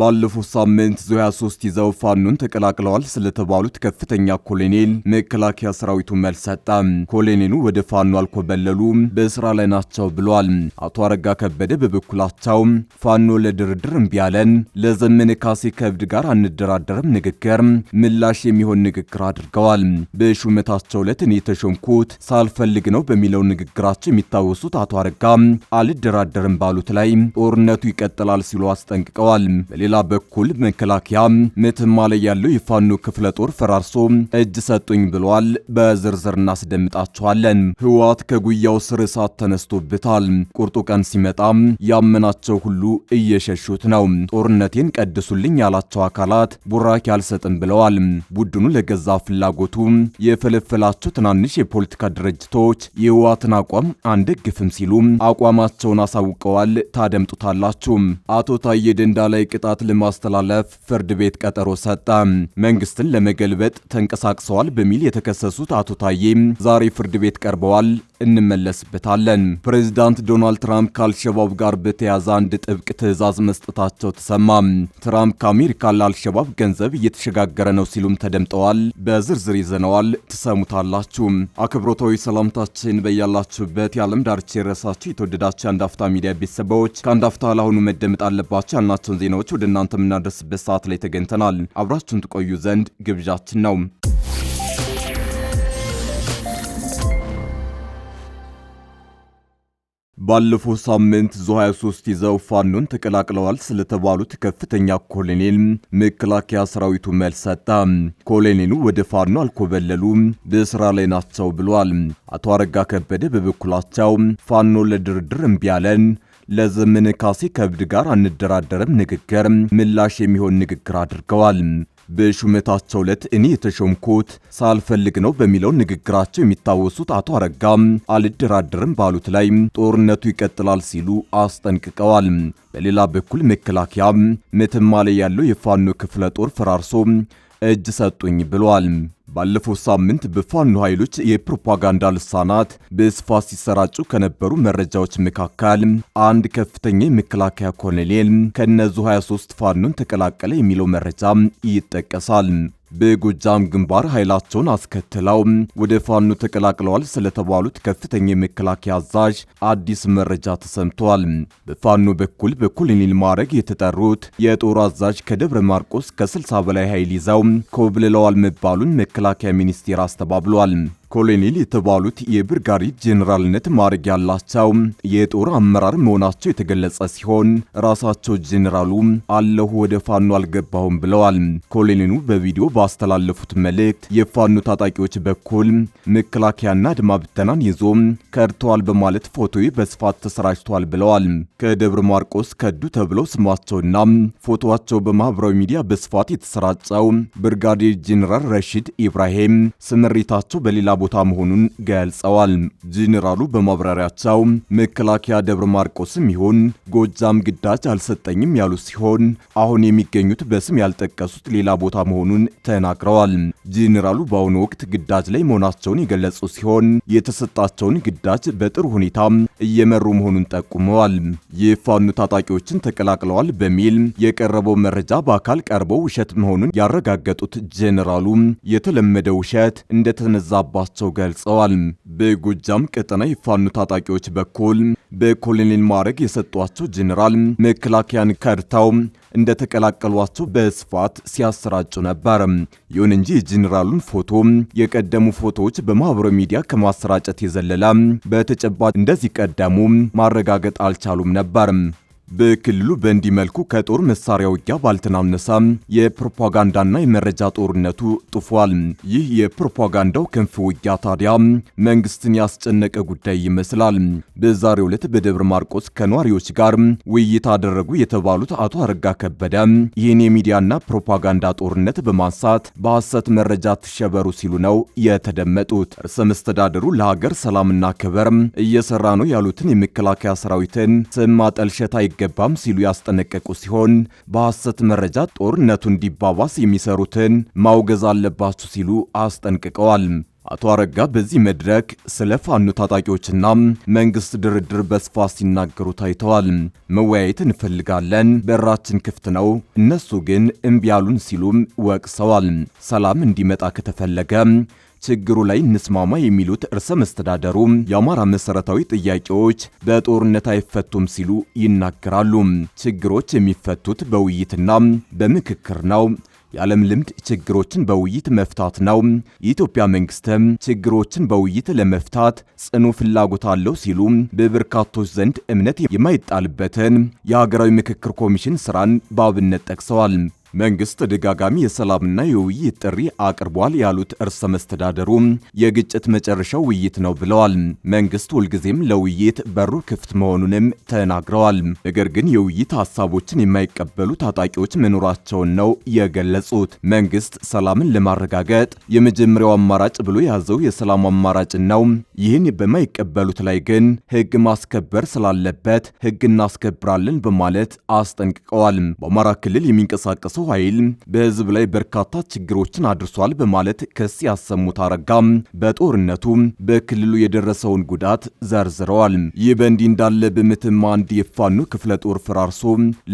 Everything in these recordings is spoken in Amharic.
ባለፉት ሳምንት ዙ 23 ይዘው ፋኖን ተቀላቅለዋል ስለተባሉት ከፍተኛ ኮሎኔል መከላከያ ሰራዊቱ መልስ ሰጠ። ኮሎኔሉ ወደ ፋኖ አልኮበለሉ በስራ ላይ ናቸው ብሏል። አቶ አረጋ ከበደ በበኩላቸው ፋኖ ለድርድር እምቢ አለን፣ ለዘመነ ካሴ ከብድ ጋር አንደራደርም ንግግር ምላሽ የሚሆን ንግግር አድርገዋል። በሹመታቸው ዕለት እኔ የተሾምኩት ሳልፈልግ ነው በሚለው ንግግራቸው የሚታወሱት አቶ አረጋ አልደራደርም ባሉት ላይ ጦርነቱ ይቀጥላል ሲሉ አስጠንቅቀዋል። በሌላ በኩል መከላከያ ምትማ ላይ ያለው የፋኖ ክፍለ ጦር ፈራርሶ እጅ ሰጡኝ ብሏል። በዝርዝር እናስደምጣቸዋለን። ህወሓት ከጉያው ስር እሳት ተነስቶበታል። ቁርጡ ቀን ሲመጣ ያመናቸው ሁሉ እየሸሹት ነው። ጦርነቴን ቀድሱልኝ ያላቸው አካላት ቡራኪ አልሰጥም ብለዋል። ቡድኑ ለገዛ ፍላጎቱ የፈለፈላቸው ትናንሽ የፖለቲካ ድርጅቶች የህወሓትን አቋም አንደግፍም ሲሉ አቋማቸውን አሳውቀዋል። ታደምጡታላችሁ። አቶ ታዬ ደንዳ ላይ ቅጣት ትእዛዛት ለማስተላለፍ ፍርድ ቤት ቀጠሮ ሰጠ። መንግስትን ለመገልበጥ ተንቀሳቅሰዋል በሚል የተከሰሱት አቶ ታዬ ዛሬ ፍርድ ቤት ቀርበዋል። እንመለስበታለን። ፕሬዚዳንት ዶናልድ ትራምፕ ከአልሸባብ ጋር በተያዘ አንድ ጥብቅ ትዕዛዝ መስጠታቸው ተሰማ። ትራምፕ ከአሜሪካ ለአልሸባብ ገንዘብ እየተሸጋገረ ነው ሲሉም ተደምጠዋል። በዝርዝር ይዘነዋል፣ ትሰሙታላችሁ። አክብሮታዊ ሰላምታችን በያላችሁበት የዓለም ዳርቻ የረሳችሁ የተወደዳችሁ የአንዳፍታ ሚዲያ ቤተሰቦች ከአንድ አፍታ ለአሁኑ መደመጥ አለባቸው ያልናቸውን ዜናዎች ወደ እናንተ የምናደርስበት ሰዓት ላይ ተገኝተናል። አብራችሁን ትቆዩ ዘንድ ግብዣችን ነው። ባለፈው ሳምንት ዙ 23 ይዘው ፋኖን ተቀላቅለዋል ስለተባሉት ከፍተኛ ኮሎኔል መከላከያ ሰራዊቱ መልስ ሰጠ። ኮሎኔሉ ወደ ፋኖ አልኮበለሉም፣ በስራ ላይ ናቸው ብሏል። አቶ አረጋ ከበደ በበኩላቸው ፋኖ ለድርድር እምቢ አለን ለዘመነ ካሴ ከብድ ጋር አንደራደርም ንግግር ምላሽ የሚሆን ንግግር አድርገዋል። በሹመታቸው ዕለት እኔ የተሾምኩት ሳልፈልግ ነው በሚለው ንግግራቸው የሚታወሱት አቶ አረጋም አልደራደርም ባሉት ላይ ጦርነቱ ይቀጥላል ሲሉ አስጠንቅቀዋል። በሌላ በኩል መከላከያ መተማ ላይ ያለው የፋኖ ክፍለ ጦር ፈራርሶ እጅ ሰጡኝ ብሏል። ባለፈው ሳምንት በፋኖ ኃይሎች የፕሮፓጋንዳ ልሳናት በስፋት ሲሰራጩ ከነበሩ መረጃዎች መካከል አንድ ከፍተኛ የመከላከያ ኮሎኔል ከነዙ 23 ፋኖን ተቀላቀለ የሚለው መረጃ ይጠቀሳል። በጎጃም ግንባር ኃይላቸውን አስከትለው ወደ ፋኖ ተቀላቅለዋል ስለተባሉት ከፍተኛ የመከላከያ አዛዥ አዲስ መረጃ ተሰምቷል። በፋኖ በኩል በኮሎኔል ማዕረግ የተጠሩት የጦር አዛዥ ከደብረ ማርቆስ ከ60 በላይ ኃይል ይዘው ኮብልለዋል መባሉን መከላከያ ሚኒስቴር አስተባብሏል። ኮሎኔል የተባሉት የብርጋሪ ጄኔራልነት ማዕረግ ያላቸው የጦር አመራር መሆናቸው የተገለጸ ሲሆን ራሳቸው ጄኔራሉ አለሁ ወደ ፋኖ አልገባሁም ብለዋል። ኮሎኔሉ በቪዲዮ ባስተላለፉት መልእክት የፋኖ ታጣቂዎች በኩል መከላከያና አድማ ብተናን ይዞ ከድተዋል በማለት ፎቶ በስፋት ተሰራጭቷል ብለዋል። ከደብረ ማርቆስ ከዱ ተብለው ስማቸውና ፎቶዋቸው በማህበራዊ ሚዲያ በስፋት የተሰራጨው ብርጋዴር ጄኔራል ረሺድ ኢብራሂም ስምሪታቸው በሌላ ቦታ መሆኑን ገልጸዋል። ጄኔራሉ በማብራሪያቸው መከላከያ ደብረ ማርቆስም ይሁን ጎጃም ግዳጅ አልሰጠኝም ያሉ ሲሆን አሁን የሚገኙት በስም ያልጠቀሱት ሌላ ቦታ መሆኑን ተናግረዋል። ጄኔራሉ በአሁኑ ወቅት ግዳጅ ላይ መሆናቸውን የገለጹ ሲሆን የተሰጣቸውን ግዳጅ በጥሩ ሁኔታ እየመሩ መሆኑን ጠቁመዋል። የፋኑ ታጣቂዎችን ተቀላቅለዋል በሚል የቀረበው መረጃ በአካል ቀርበው ውሸት መሆኑን ያረጋገጡት ጄኔራሉ የተለመደ ውሸት እንደተነዛባቸው መሆናቸው ገልጸዋል። በጎጃም ቀጠና የፋኑ ታጣቂዎች በኩል በኮሎኔል ማዕረግ የሰጧቸው ጄኔራል መከላከያን ከድተው እንደተቀላቀሏቸው በስፋት ሲያሰራጩ ነበር። ይሁን እንጂ የጄኔራሉን ፎቶ የቀደሙ ፎቶዎች በማህበራዊ ሚዲያ ከማሰራጨት የዘለለ በተጨባጭ እንደዚህ ቀደሙ ማረጋገጥ አልቻሉም ነበር። በክልሉ በእንዲህ መልኩ ከጦር መሳሪያ ውጊያ ባልተናነሰ የፕሮፓጋንዳና የመረጃ ጦርነቱ ጥፏል። ይህ የፕሮፓጋንዳው ክንፍ ውጊያ ታዲያ መንግስትን ያስጨነቀ ጉዳይ ይመስላል። በዛሬው ዕለት በደብረ ማርቆስ ከነዋሪዎች ጋር ውይይት አደረጉ የተባሉት አቶ አረጋ ከበደ ይህን የሚዲያና ፕሮፓጋንዳ ጦርነት በማንሳት በሐሰት መረጃ ትሸበሩ ሲሉ ነው የተደመጡት። እርሰ መስተዳደሩ ለሀገር ሰላምና ክበር እየሰራ ነው ያሉትን የመከላከያ ሰራዊትን ስም ማጠልሸት አይገባም ሲሉ ያስጠነቀቁ ሲሆን በሐሰት መረጃ ጦርነቱ እንዲባባስ የሚሰሩትን ማውገዝ አለባችሁ ሲሉ አስጠንቅቀዋል። አቶ አረጋ በዚህ መድረክ ስለ ፋኖ ታጣቂዎችና መንግስት ድርድር በስፋት ሲናገሩ ታይተዋል። መወያየት እንፈልጋለን፣ በራችን ክፍት ነው፣ እነሱ ግን እምቢ ያሉን ሲሉም ወቅሰዋል። ሰላም እንዲመጣ ከተፈለገ ችግሩ ላይ እንስማማ የሚሉት እርሰ መስተዳደሩ የአማራ መሰረታዊ ጥያቄዎች በጦርነት አይፈቱም ሲሉ ይናገራሉ። ችግሮች የሚፈቱት በውይይትና በምክክር ነው። የዓለም ልምድ ችግሮችን በውይይት መፍታት ነው። የኢትዮጵያ መንግስትም ችግሮችን በውይይት ለመፍታት ጽኑ ፍላጎት አለው ሲሉ በበርካቶች ዘንድ እምነት የማይጣልበትን የሀገራዊ ምክክር ኮሚሽን ስራን በአብነት ጠቅሰዋል። መንግስት ተደጋጋሚ የሰላምና የውይይት ጥሪ አቅርቧል ያሉት እርሰ መስተዳደሩ የግጭት መጨረሻው ውይይት ነው ብለዋል። መንግስት ሁልጊዜም ለውይይት በሩ ክፍት መሆኑንም ተናግረዋል። ነገር ግን የውይይት ሀሳቦችን የማይቀበሉ ታጣቂዎች መኖራቸውን ነው የገለጹት። መንግስት ሰላምን ለማረጋገጥ የመጀመሪያው አማራጭ ብሎ የያዘው የሰላም አማራጭ ነው። ይህን በማይቀበሉት ላይ ግን ህግ ማስከበር ስላለበት ህግ እናስከብራለን በማለት አስጠንቅቀዋል። በአማራ ክልል የሚንቀሳቀሰው የመንግስቱ ኃይል በህዝብ ላይ በርካታ ችግሮችን አድርሷል በማለት ክስ ያሰሙት አረጋ በጦርነቱ በክልሉ የደረሰውን ጉዳት ዘርዝረዋል። ይህ በእንዲህ እንዳለ ብምትም አንድ የፋኖ ክፍለ ጦር ፈራርሶ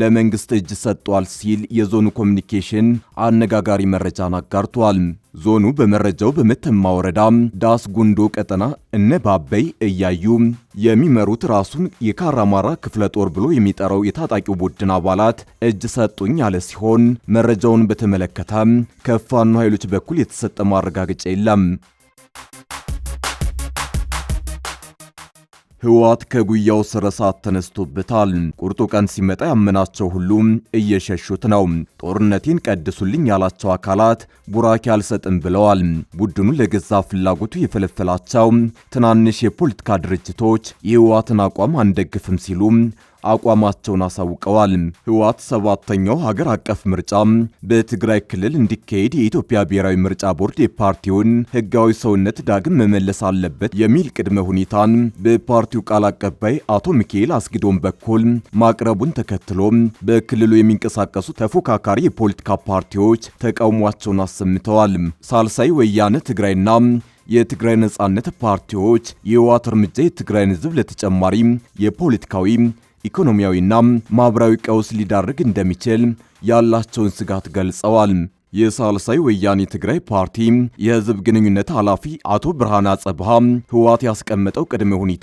ለመንግስት እጅ ሰጥቷል ሲል የዞኑ ኮሚኒኬሽን አነጋጋሪ መረጃን አጋርቷል። ዞኑ በመረጃው በመተማ ወረዳ ዳስ ጉንዶ ቀጠና እነ ባበይ እያዩ የሚመሩት ራሱን የካራማራ ክፍለ ጦር ብሎ የሚጠራው የታጣቂው ቡድን አባላት እጅ ሰጡኝ ያለ ሲሆን መረጃውን በተመለከተ ከፋኑ ኃይሎች በኩል የተሰጠ ማረጋገጫ የለም። ህወሓት ከጉያው ስረ ሰዓት ተነስቶበታል። ቁርጡ ቀን ሲመጣ ያመናቸው ሁሉም እየሸሹት ነው። ጦርነቴን ቀድሱልኝ ያላቸው አካላት ቡራኬ አልሰጥም ብለዋል። ቡድኑ ለገዛ ፍላጎቱ የፈለፈላቸው ትናንሽ የፖለቲካ ድርጅቶች የህወሓትን አቋም አንደግፍም ሲሉ አቋማቸውን አሳውቀዋል። ህወሓት ሰባተኛው ሀገር አቀፍ ምርጫ በትግራይ ክልል እንዲካሄድ የኢትዮጵያ ብሔራዊ ምርጫ ቦርድ የፓርቲውን ህጋዊ ሰውነት ዳግም መመለስ አለበት የሚል ቅድመ ሁኔታን በፓርቲው ቃል አቀባይ አቶ ሚካኤል አስጊዶን በኩል ማቅረቡን ተከትሎ በክልሉ የሚንቀሳቀሱ ተፎካካሪ የፖለቲካ ፓርቲዎች ተቃውሟቸውን አሰምተዋል። ሳልሳይ ወያነ ትግራይና የትግራይ ነጻነት ፓርቲዎች የህወሓት እርምጃ የትግራይን ህዝብ ለተጨማሪ የፖለቲካዊ ኢኮኖሚያዊና ማኅበራዊ ቀውስ ሊዳርግ እንደሚችል ያላቸውን ስጋት ገልጸዋል። የሳልሳይ ወያኔ ትግራይ ፓርቲ የህዝብ ግንኙነት ኃላፊ አቶ ብርሃን አጸብሃ ህወሓት ያስቀመጠው ቅድመ ሁኔታ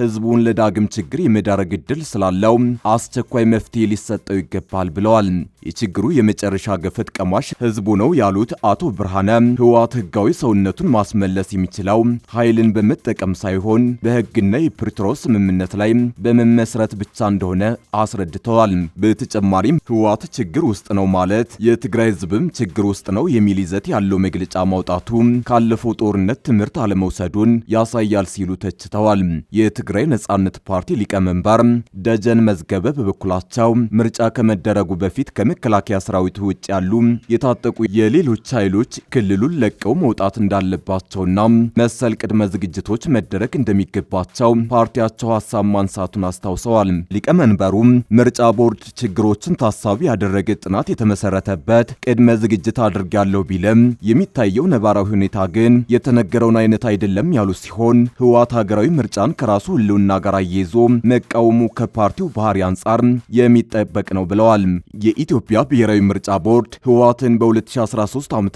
ህዝቡን ለዳግም ችግር የመዳረግ እድል ስላለው አስቸኳይ መፍትሄ ሊሰጠው ይገባል ብለዋል። የችግሩ የመጨረሻ ገፈት ቀማሽ ህዝቡ ነው ያሉት አቶ ብርሃነ ህወሓት ህጋዊ ሰውነቱን ማስመለስ የሚችለው ኃይልን በመጠቀም ሳይሆን በህግና የፕሪቶሪያ ስምምነት ላይ በመመስረት ብቻ እንደሆነ አስረድተዋል። በተጨማሪም ህወሓት ችግር ውስጥ ነው ማለት የትግራይ ህዝብም ችግር ውስጥ ነው የሚል ይዘት ያለው መግለጫ ማውጣቱ ካለፈው ጦርነት ትምህርት አለመውሰዱን ያሳያል ሲሉ ተችተዋል። የትግራይ ነጻነት ፓርቲ ሊቀመንበር ደጀን መዝገበ በበኩላቸው ምርጫ ከመደረጉ በፊት ከመከላከያ ሰራዊት ውጭ ያሉ የታጠቁ የሌሎች ኃይሎች ክልሉን ለቀው መውጣት እንዳለባቸውና መሰል ቅድመ ዝግጅቶች መደረግ እንደሚገባቸው ፓርቲያቸው ሀሳብ ማንሳቱን አስታውሰዋል። ሊቀመንበሩም ምርጫ ቦርድ ችግሮችን ታሳቢ ያደረገ ጥናት የተመሰረተበት ቅድመ ዝግጅ ዝግጅት አድርጋለሁ ቢልም የሚታየው ነባራዊ ሁኔታ ግን የተነገረውን አይነት አይደለም ያሉ ሲሆን ህወሓት ሀገራዊ ምርጫን ከራሱ ህልውና ጋር አያይዞ መቃወሙ ከፓርቲው ባህሪ አንጻር የሚጠበቅ ነው ብለዋል። የኢትዮጵያ ብሔራዊ ምርጫ ቦርድ ህወሓትን በ2013 ዓ ም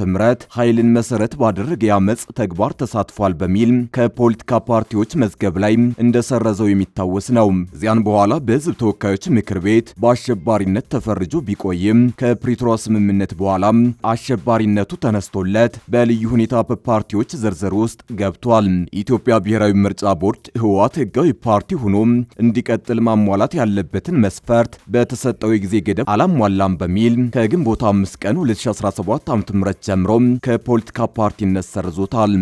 ኃይልን መሰረት ባደረገ የአመፅ ተግባር ተሳትፏል በሚል ከፖለቲካ ፓርቲዎች መዝገብ ላይ እንደሰረዘው የሚታወስ ነው። እዚያን በኋላ በህዝብ ተወካዮች ምክር ቤት በአሸባሪነት ተፈርጆ ቢቆይም ከፕሪቶሪያ ስምምነት በኋላም አሸባሪነቱ ተነስቶለት በልዩ ሁኔታ በፓርቲዎች ዝርዝር ውስጥ ገብቷል። የኢትዮጵያ ብሔራዊ ምርጫ ቦርድ ህወሓት ህጋዊ ፓርቲ ሆኖ እንዲቀጥል ማሟላት ያለበትን መስፈርት በተሰጠው የጊዜ ገደብ አላሟላም በሚል ከግንቦት 5 ቀን 2017 ዓ.ም ጀምሮ ከፖለቲካ ፓርቲነት ሰርዞታል።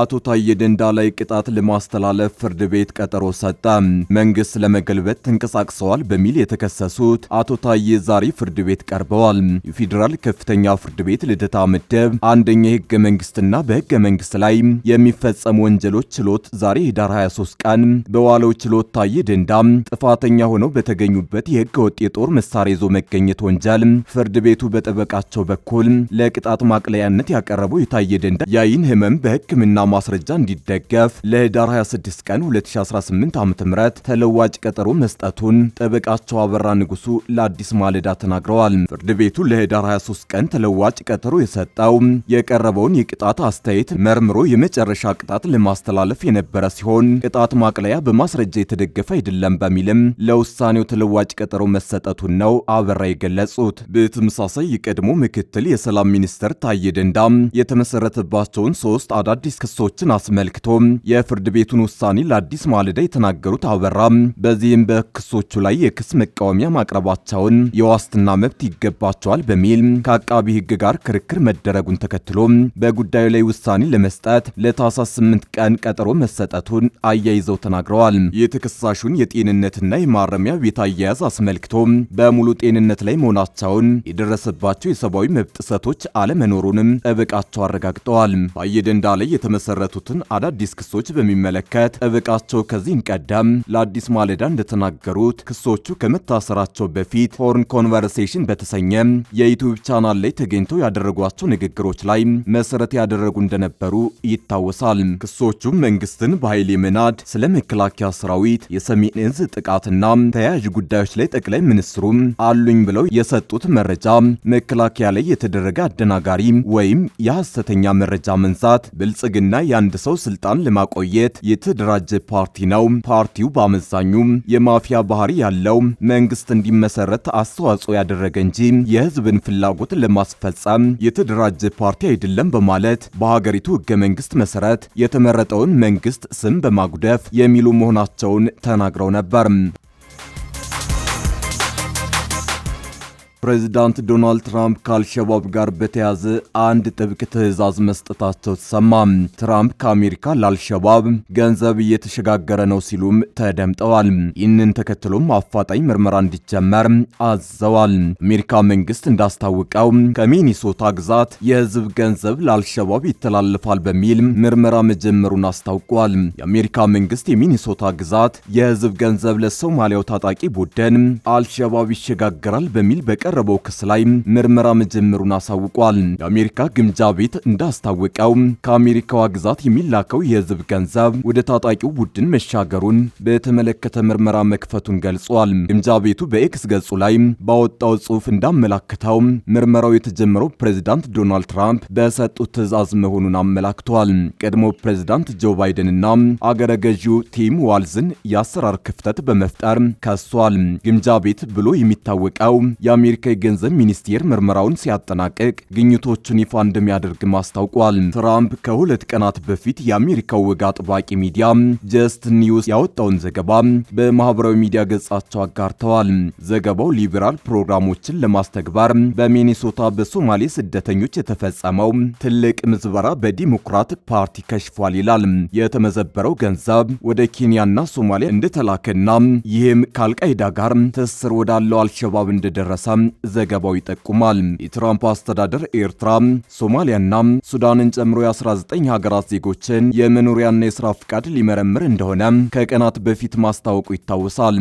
አቶ ታዬ ደንዳ ላይ ቅጣት ለማስተላለፍ ፍርድ ቤት ቀጠሮ ሰጠ። መንግስት ለመገልበጥ ተንቀሳቅሰዋል በሚል የተከሰሱት አቶ ታዬ ዛሬ ፍርድ ቤት ቀርበዋል። የፌዴራል ከፍተኛ ፍርድ ቤት ልደታ ምደብ አንደኛ የህገ መንግስትና በህገ መንግስት ላይ የሚፈጸሙ ወንጀሎች ችሎት ዛሬ ህዳር 23 ቀን በዋለው ችሎት ታዬ ደንዳ ጥፋተኛ ሆነው በተገኙበት የህገ ወጥ የጦር መሳሪያ ይዞ መገኘት ወንጀል ፍርድ ቤቱ በጠበቃቸው በኩል ለቅጣት ማቅለያነት ያቀረበው የታዬ ደንዳ ያይን ህመም በህክምና ማስረጃ እንዲደገፍ ለህዳር 26 ቀን 2018 ዓ.ም ተለዋጭ ቀጠሮ መስጠቱን ጠበቃቸው አበራ ንጉሱ ለአዲስ ማለዳ ተናግረዋል። ፍርድ ቤቱ ለህዳር 23 ቀን ተለዋጭ ቀጠሮ የሰጠው የቀረበውን የቅጣት አስተያየት መርምሮ የመጨረሻ ቅጣት ለማስተላለፍ የነበረ ሲሆን ቅጣት ማቅለያ በማስረጃ የተደገፈ አይደለም በሚልም ለውሳኔው ተለዋጭ ቀጠሮ መሰጠቱን ነው አበራ የገለጹት። በተመሳሳይ የቀድሞ ምክትል የሰላም ሚኒስትር ታዬ ደንዳም የተመሰረተባቸውን ሶስት አዳዲስ ክሶችን አስመልክቶ የፍርድ ቤቱን ውሳኔ ለአዲስ ማለዳ የተናገሩት አበራ በዚህም በክሶቹ ላይ የክስ መቃወሚያ ማቅረባቸውን የዋስትና መብት ይገባቸዋል በሚል ከአቃቢ ሕግ ጋር ክርክር መደረጉን ተከትሎ በጉዳዩ ላይ ውሳኔ ለመስጠት ለታህሳስ 8 ቀን ቀጠሮ መሰጠቱን አያይዘው ተናግረዋል። የተከሳሹን የጤንነትና የማረሚያ ቤት አያያዝ አስመልክቶ በሙሉ ጤንነት ላይ መሆናቸውን፣ የደረሰባቸው የሰብአዊ መብት ጥሰቶች አለመኖሩንም ጠበቃቸው አረጋግጠዋል። ባየደንዳ ላይ የተ የተመሰረቱትን አዳዲስ ክሶች በሚመለከት ጠበቃቸው ከዚህም ቀደም ለአዲስ ማለዳ እንደተናገሩት ክሶቹ ከመታሰራቸው በፊት ሆርን ኮንቨርሴሽን በተሰኘ የዩቱብ ቻናል ላይ ተገኝተው ያደረጓቸው ንግግሮች ላይ መሰረት ያደረጉ እንደነበሩ ይታወሳል። ክሶቹም መንግስትን በኃይል የመናድ ስለ መከላከያ ሰራዊት፣ የሰሜን እዝ ጥቃትና ተያያዥ ጉዳዮች ላይ ጠቅላይ ሚኒስትሩም አሉኝ ብለው የሰጡት መረጃ መከላከያ ላይ የተደረገ አደናጋሪ ወይም የሐሰተኛ መረጃ መንሳት ብልጽግ ብልጽግና የአንድ ሰው ስልጣን ለማቆየት የተደራጀ ፓርቲ ነው። ፓርቲው በአመዛኙ የማፊያ ባህሪ ያለው መንግስት እንዲመሰረት አስተዋጽኦ ያደረገ እንጂ የህዝብን ፍላጎት ለማስፈጸም የተደራጀ ፓርቲ አይደለም በማለት በሀገሪቱ ህገ መንግስት መሰረት የተመረጠውን መንግስት ስም በማጉደፍ የሚሉ መሆናቸውን ተናግረው ነበር። ፕሬዚዳንት ዶናልድ ትራምፕ ከአልሸባብ ጋር በተያዘ አንድ ጥብቅ ትዕዛዝ መስጠታቸው ተሰማ። ትራምፕ ከአሜሪካ ለአልሸባብ ገንዘብ እየተሸጋገረ ነው ሲሉም ተደምጠዋል። ይህንን ተከትሎም አፋጣኝ ምርመራ እንዲጀመር አዘዋል። አሜሪካ መንግስት እንዳስታወቀው ከሚኒሶታ ግዛት የህዝብ ገንዘብ ለአልሸባብ ይተላለፋል በሚል ምርመራ መጀመሩን አስታውቋል። የአሜሪካ መንግስት የሚኒሶታ ግዛት የህዝብ ገንዘብ ለሶማሊያው ታጣቂ ቡድን አልሸባብ ይሸጋገራል በሚል በቀ በቀረበው ክስ ላይ ምርመራ መጀመሩን አሳውቋል። የአሜሪካ ግምጃ ቤት እንዳስታወቀው ከአሜሪካዋ ግዛት የሚላከው የህዝብ ገንዘብ ወደ ታጣቂው ቡድን መሻገሩን በተመለከተ ምርመራ መክፈቱን ገልጿል። ግምጃ ቤቱ በኤክስ ገጹ ላይ ባወጣው ጽሑፍ እንዳመላክተው ምርመራው የተጀመረው ፕሬዚዳንት ዶናልድ ትራምፕ በሰጡት ትዕዛዝ መሆኑን አመላክቷል። ቀድሞ ፕሬዚዳንት ጆ ባይደንና አገረ ገዢው ቲም ዋልዝን የአሰራር ክፍተት በመፍጠር ከሷል። ግምጃ ቤት ብሎ የሚታወቀው የአሜሪካ የአሜሪካ የገንዘብ ሚኒስቴር ምርመራውን ሲያጠናቅቅ ግኝቶችን ይፋ እንደሚያደርግ አስታውቋል። ትራምፕ ከሁለት ቀናት በፊት የአሜሪካው ወግ አጥባቂ ሚዲያ ጀስት ኒውስ ያወጣውን ዘገባ በማህበራዊ ሚዲያ ገጻቸው አጋርተዋል። ዘገባው ሊበራል ፕሮግራሞችን ለማስተግበር በሚኔሶታ በሶማሌ ስደተኞች የተፈጸመው ትልቅ ምዝበራ በዲሞክራቲክ ፓርቲ ከሽፏል ይላል። የተመዘበረው ገንዘብ ወደ ኬንያና ሶማሊያ እንደተላከና ይህም ከአልቃይዳ ጋር ትስስር ወዳለው አልሸባብ እንደደረሰ ዘገባው ይጠቁማል። የትራምፕ አስተዳደር ኤርትራ፣ ሶማሊያና ሱዳንን ጨምሮ የ19 ሀገራት ዜጎችን የመኖሪያና የስራ ፍቃድ ሊመረምር እንደሆነ ከቀናት በፊት ማስታወቁ ይታወሳል።